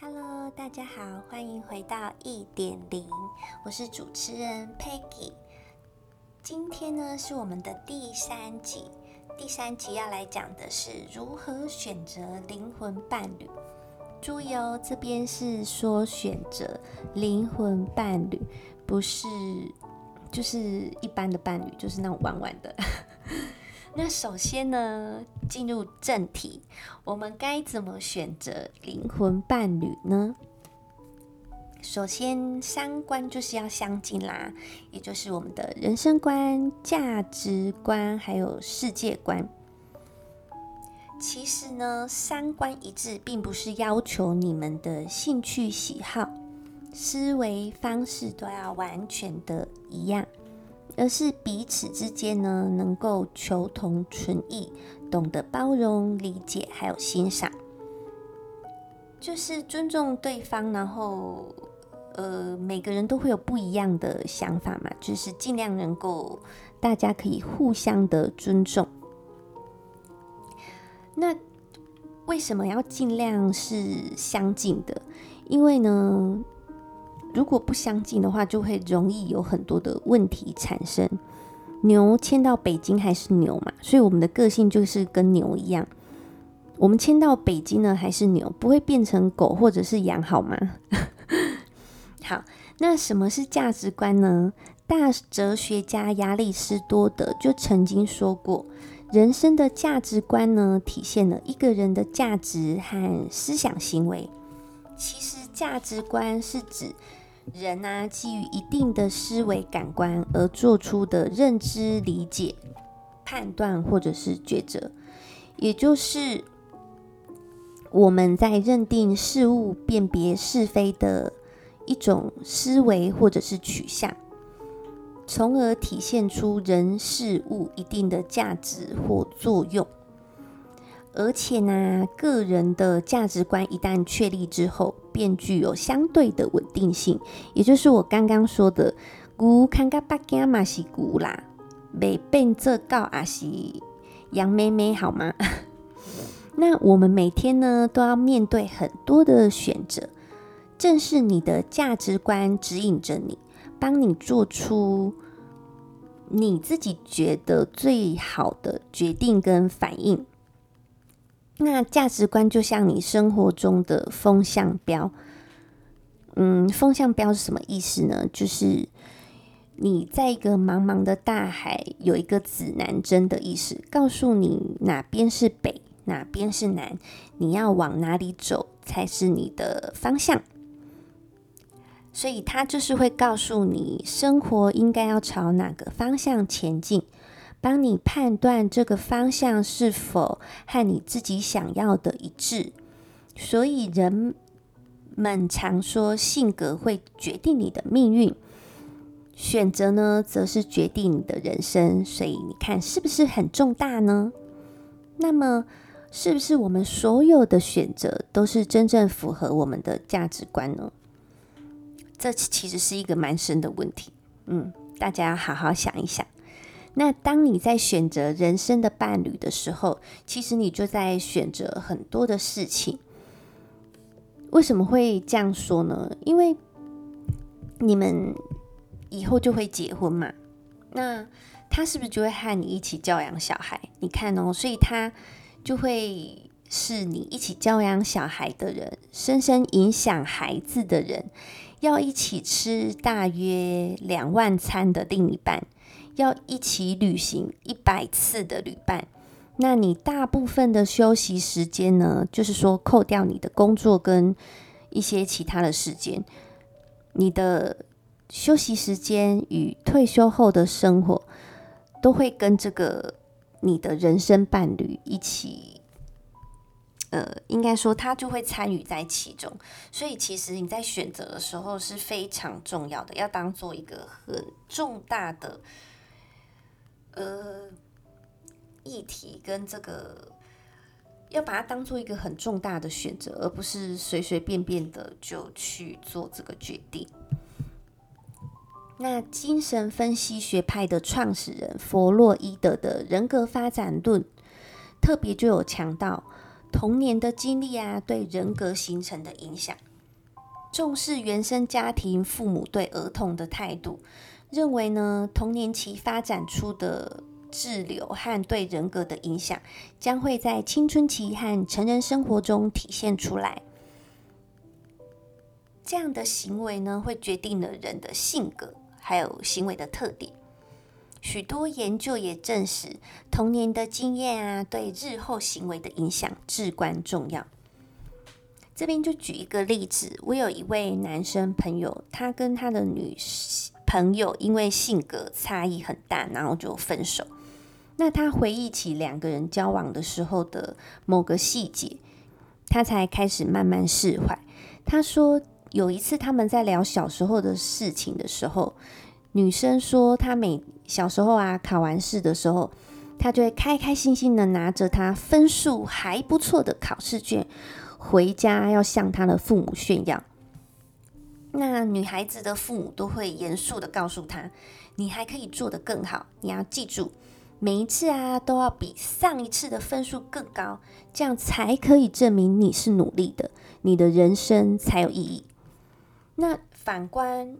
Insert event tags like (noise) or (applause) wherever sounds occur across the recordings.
Hello，大家好，歡迎回到一點零，我是主持人 Peggy。今天呢是我們的第三集，第三集要來講的是如何選擇靈魂伴侶。注意哦，這邊是說選擇靈魂伴侶，不是就是一般的伴侶，就是那種玩玩的。那首先呢，進入正題，我們該怎麼選擇靈魂伴侶呢？首先，三觀就是要相近啦，也就是我們的人生觀、價值觀還有世界觀。其實呢，三觀一致，並不是要求你們的興趣、喜好、思維方式都要完全的一樣。而是彼此之間呢，能夠求同存異，懂得包容、理解，還有欣賞，就是尊重對方。然後，呃，每個人都會有不一樣的想法嘛，就是盡量能夠大家可以互相的尊重。那為什麼要盡量是相近的？因為呢，如果不相近的話，就會容易有很多的問題產生。牛牽到北京還是牛嘛，所以我們的個性就是跟牛一樣。我們牽到北京呢，還是牛，不會變成狗或者是羊好嗎？ (laughs) 好，那什麼是價值觀呢？大哲學家亞里士多德就曾經說過，人生的價值觀呢，體現了一個人的價值和思想行為。其實價值觀是指，人啊，基於一定的思維感官而做出的認知、理解、判斷或者是抉擇，也就是我們在認定事物、辨別是非的一種思維或者是取向，從而體現出人事物一定的價值或作用。而且呢，個人的價值觀一旦確立之後，便具有相對的穩定性。也就是我剛剛說的，姑看噶八家嘛是姑啦，未變這搞啊是楊妹妹好嗎？那我們每天呢，都要面對很多的選擇，正是你的價值觀指引着你，幫你做出你自己覺得最好的決定跟反應。那價值觀就像你生活中的風向標，嗯，風向標是什麼意思呢？就是你在一個茫茫的大海，有一個指南針的意思，告訴你哪邊是北，哪邊是南，你要往哪裡走才是你的方向。所以，它就是會告訴你，生活應該要朝哪個方向前進。幫你判斷這個方向是否和你自己想要的一致，所以人們常說性格會決定你的命運，選擇呢，則是決定你的人生，所以你看是不是很重大呢？那麼，是不是我們所有的選擇都是真正符合我們的價值觀呢？這其實是一個蠻深的問題，嗯，大家要好好想一想。那當你在選擇人生的伴侶的時候，其實你就在選擇很多的事情。為什麼會這樣說呢？因為你們以後就會結婚嘛，那他是不是就會和你一起教養小孩？你看哦，所以他就會是你一起教養小孩的人，深深影響孩子的人。要一起吃大約兩萬餐的另一半，要一起旅行一百次的旅伴，那你大部分的休息時間呢？就是說，扣掉你的工作跟一些其他的時間，你的休息時間與退休後的生活，都會跟這個你的人生伴侶一起。呃，應該說他就會參與在其中，所以其實你在選擇的時候是非常重要的，要當做一個很重大的呃議題，跟這個要把它當做一個很重大的選擇，而不是隨隨便便的就去做這個決定。那精神分析學派的創始人弗洛伊德的人格發展論，特別就有強調。童年的經歷啊，對人格形成的影響，重視原生家庭父母對兒童的態度，認為呢，童年期發展出的滯留和對人格的影響，將會在青春期和成人生活中體現出來。這樣的行為呢，會決定了人的性格，還有行為的特點。許多研究也證實，童年的經驗啊，對日後行為的影響至關重要。這邊就舉一個例子，我有一位男生朋友，他跟他的女朋友因為性格差異很大，然後就分手。那他回憶起兩個人交往的時候的某個細節，他才開始慢慢釋懷。他說，有一次他們在聊小時候的事情的時候，女生說，她每小時候啊，考完試的時候，她就會開開心心的拿着她分數還不錯的考試卷回家，要向她的父母炫耀。那女孩子的父母都會嚴肅的告訴她：“你還可以做得更好，你要記住，每一次啊都要比上一次的分數更高，這樣才可以證明你是努力的，你的人生才有意義。”那反觀，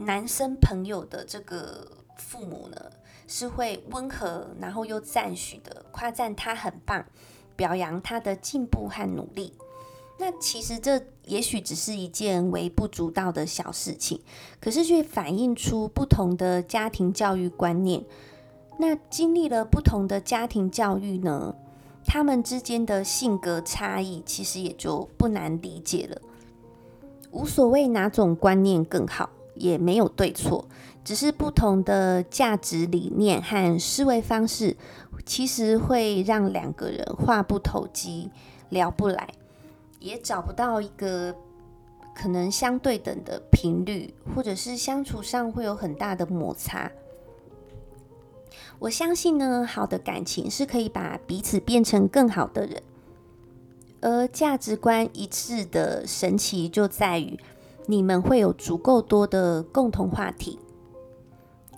男生朋友的這個父母呢，是會溫和，然後又讚許的誇讚他很棒，表揚他的進步和努力。那其實這也許只是一件微不足道的小事情，可是卻反映出不同的家庭教育觀念。那經歷了不同的家庭教育呢，他們之間的性格差異其實也就不難理解了。無所謂哪種觀念更好。也沒有對錯，只是不同的價值理念和思維方式，其實會讓兩個人話不投機，聊不來，也找不到一個可能相對等的頻率，或者是相處上會有很大的摩擦。我相信呢，好的感情是可以把彼此變成更好的人，而價值觀一致的神奇就在於。你們會有足夠多的共同話題，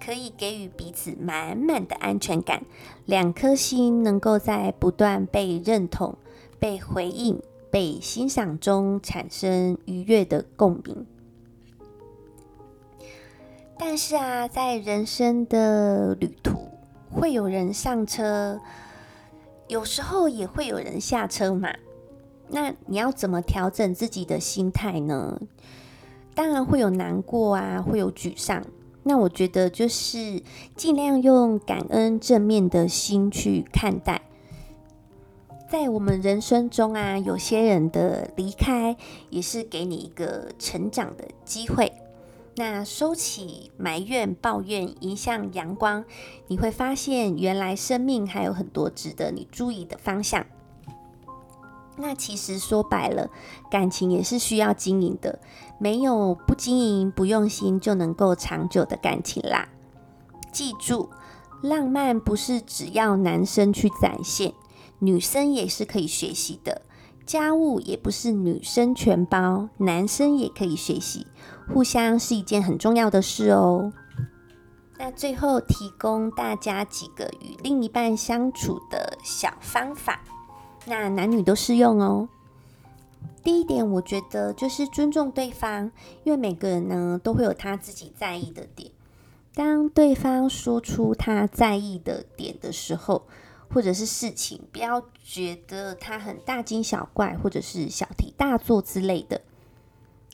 可以給予彼此滿滿的安全感，兩顆心能夠在不斷被認同、被回應、被欣賞中產生愉悅的共鳴。但是啊，在人生的旅途，會有人上車，有時候也會有人下車嘛。那你要怎麼調整自己的心態呢？當然會有難過啊，會有沮喪。那我覺得就是盡量用感恩、正面的心去看待，在我們人生中啊，有些人的離開也是給你一個成長的機會。那收起埋怨、抱怨，迎向陽光，你會發現原來生命還有很多值得你注意的方向。那其實說白了，感情也是需要經營的，沒有不經營、不用心就能夠長久的感情啦。記住，浪漫不是只要男生去展現，女生也是可以學習的；家務也不是女生全包，男生也可以學習，互相是一件很重要的事哦。那最後提供大家幾個與另一半相處的小方法。那男女都適用哦。第一點，我覺得就是尊重對方，因為每個人呢都會有他自己在意的點。當對方說出他在意的點的時候，或者是事情，不要覺得他很大驚小怪，或者是小題大做之類的，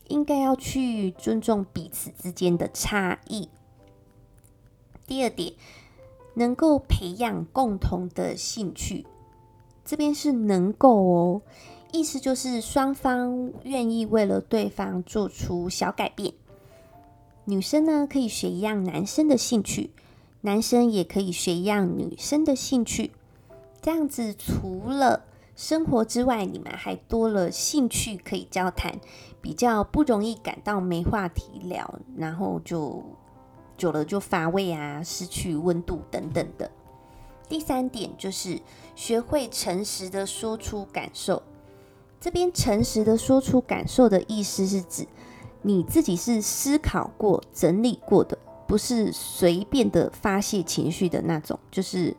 應該要去尊重彼此之間的差異。第二點，能夠培養共同的興趣。這邊是能夠哦，意思就是雙方願意為了對方做出小改變。女生呢可以學一樣男生的興趣，男生也可以學一樣女生的興趣。這樣子除了生活之外，你們還多了興趣可以交談，比較不容易感到沒話題聊，然後就久了就乏味啊，失去溫度等等的。第三點就是學會誠實的說出感受。這邊“誠實的說出感受”的意思是指你自己是思考過、整理過的，不是隨便的發洩情緒的那種，就是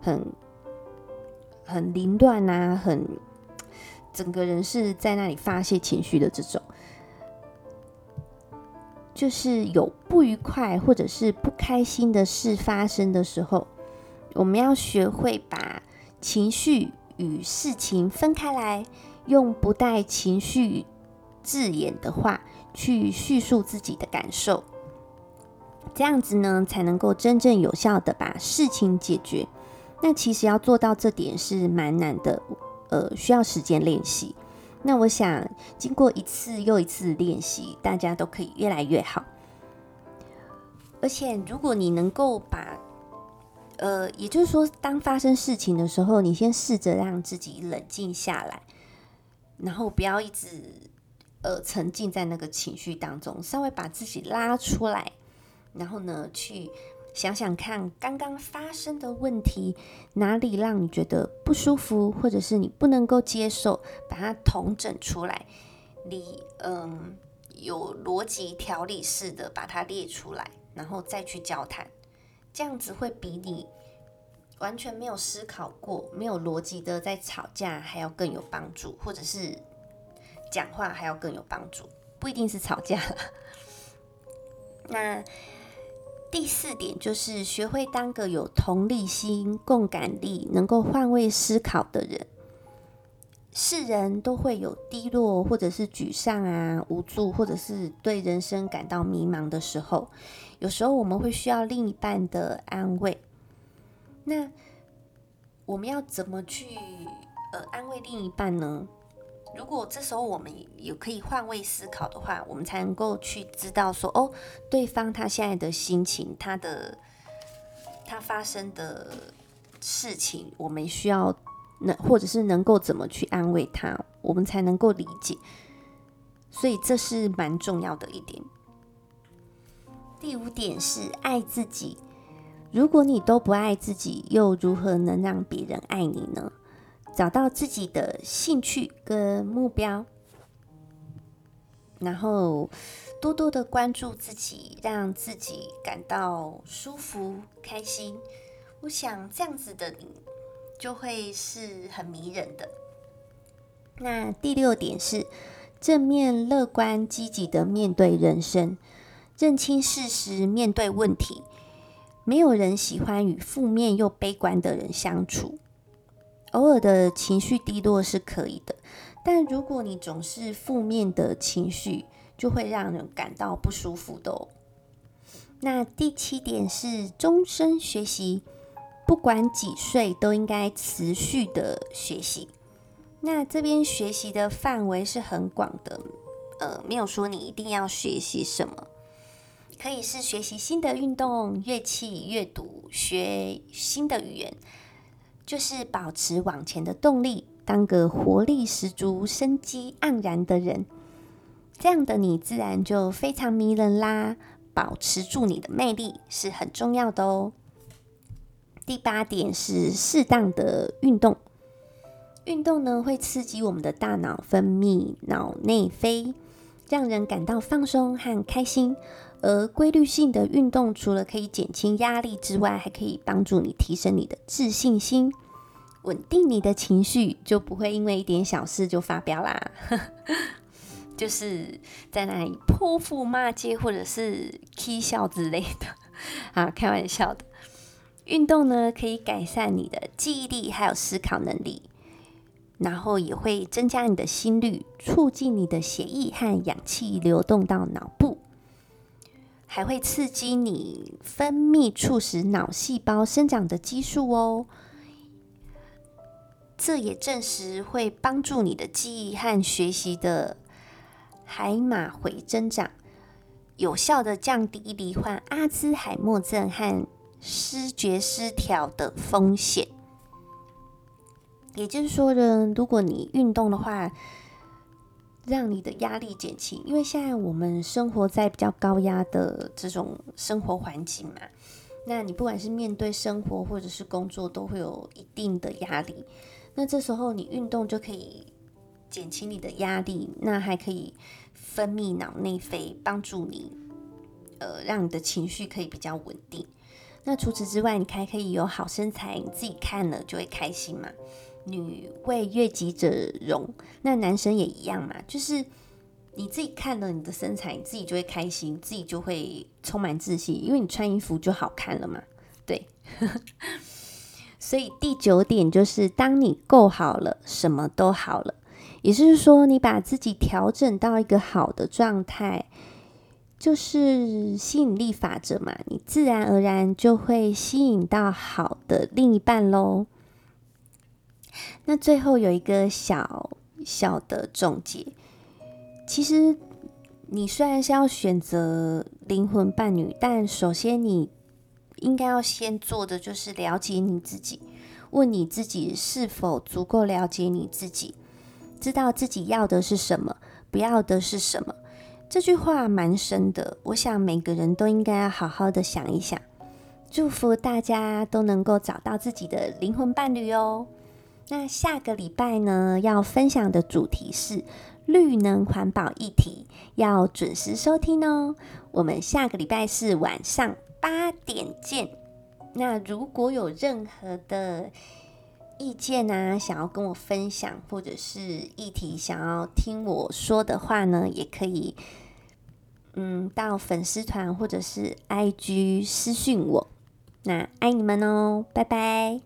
很很凌亂啊，很整個人是在那裡發洩情緒的這種。就是有不愉快或者是不開心的事發生的時候。我們要學會把情緒與事情分開來，用不帶情緒字眼的話去敘述自己的感受，這樣子呢，才能夠真正有效地把事情解決。那其實要做到這點是蠻難的，呃，需要時間練習。那我想經過一次又一次練習，大家都可以越來越好。而且如果你能夠把呃，也就是說，當發生事情的時候，你先試着讓自己冷靜下來，然後不要一直呃沉浸在那個情緒當中，稍微把自己拉出來，然後呢，去想想看剛剛發生的問題哪裡讓你覺得不舒服，或者是你不能夠接受，把它統整出來，你嗯有邏輯條理式的把它列出來，然後再去交談。這樣子會比你完全沒有思考過、沒有邏輯的在吵架還要更有幫助，或者是講話還要更有幫助，不一定是吵架。 (laughs) 那第四點就是學會當個有同理心、共感力、能夠換位思考的人。世人都會有低落或者是沮喪啊、無助，或者是對人生感到迷茫的時候。有時候我們會需要另一半的安慰。那我們要怎麼去呃安慰另一半呢？如果這時候我們有可以換位思考的話，我們才能夠去知道說哦，對方他現在的心情，他的他發生的事情，我們需要。那或者是能夠怎麼去安慰他，我們才能夠理解，所以這是蠻重要的一點。第五點是愛自己，如果你都不愛自己，又如何能讓別人愛你呢？找到自己的興趣跟目標，然後多多的關注自己，讓自己感到舒服開心。我想這樣子的你。就會是很迷人的。那第六點是正面、樂觀、積極的面對人生，認清事實，面對問題。沒有人喜歡與負面又悲觀的人相處。偶爾的情緒低落是可以的，但如果你總是負面的情緒，就會讓人感到不舒服的哦。那第七點是終身學習。不管幾歲，都應該持續的學習。那這邊學習的範圍是很廣的，呃，沒有說你一定要學習什麼，可以是學習新的運動、樂器、閱讀，學新的語言，就是保持往前的動力，當個活力十足、生機盎然的人。這樣的你自然就非常迷人啦。保持住你的魅力是很重要的哦。第八點是適當的運動。運動呢，會刺激我們的大腦分泌腦內啡，讓人感到放鬆和開心。而規律性的運動，除了可以減輕壓力之外，還可以幫助你提升你的自信心，穩定你的情緒，就不會因為一點小事就發飆啦。 (laughs) 就是在那裡潑婦罵街，或者是起笑之類的，啊， (laughs) 開玩笑的。運動呢，可以改善你的記憶力，還有思考能力，然後也會增加你的心率，促進你的血液和氧氣流動到腦部，還會刺激你分泌促使腦細胞生長的激素哦。這也證實會幫助你的記憶和學習的海馬回增長，有效的降低罹患阿茲海默症和。失覺失調的風險，也就是說，呢，如果你運動的話，讓你的壓力減輕，因為現在我們生活在比較高壓的這種生活環境嘛，那你不管是面對生活或者是工作，都會有一定的壓力。那這時候你運動就可以減輕你的壓力，那還可以分泌腦內啡，幫助你，呃，讓你的情緒可以比較穩定。那除此之外，你還可以有好身材，你自己看了就會開心嘛。女為悅己者容，那男生也一樣嘛，就是你自己看了你的身材，你自己就會開心，自己就會充滿自信，因為你穿衣服就好看了嘛。對， (laughs) 所以第九點就是，當你夠好了，什麼都好了。也就是說，你把自己調整到一個好的狀態。就是吸引力法則嘛，你自然而然就會吸引到好的另一半嘍。那最後有一個小小的總結，其實你雖然是要選擇靈魂伴侶，但首先你應該要先做的就是了解你自己，問你自己是否足夠了解你自己，知道自己要的是什麼，不要的是什麼。這句話蠻深的，我想每個人都應該要好好的想一想。祝福大家都能夠找到自己的靈魂伴侶哦。那下個禮拜呢，要分享的主題是綠能環保議題，要準時收聽哦。我們下個禮拜是晚上八點見。那如果有任何的意見啊，想要跟我分享，或者是議題想要聽我說的話呢，也可以。嗯，到粉絲團或者是 IG 私訊我。那愛你們哦，拜拜。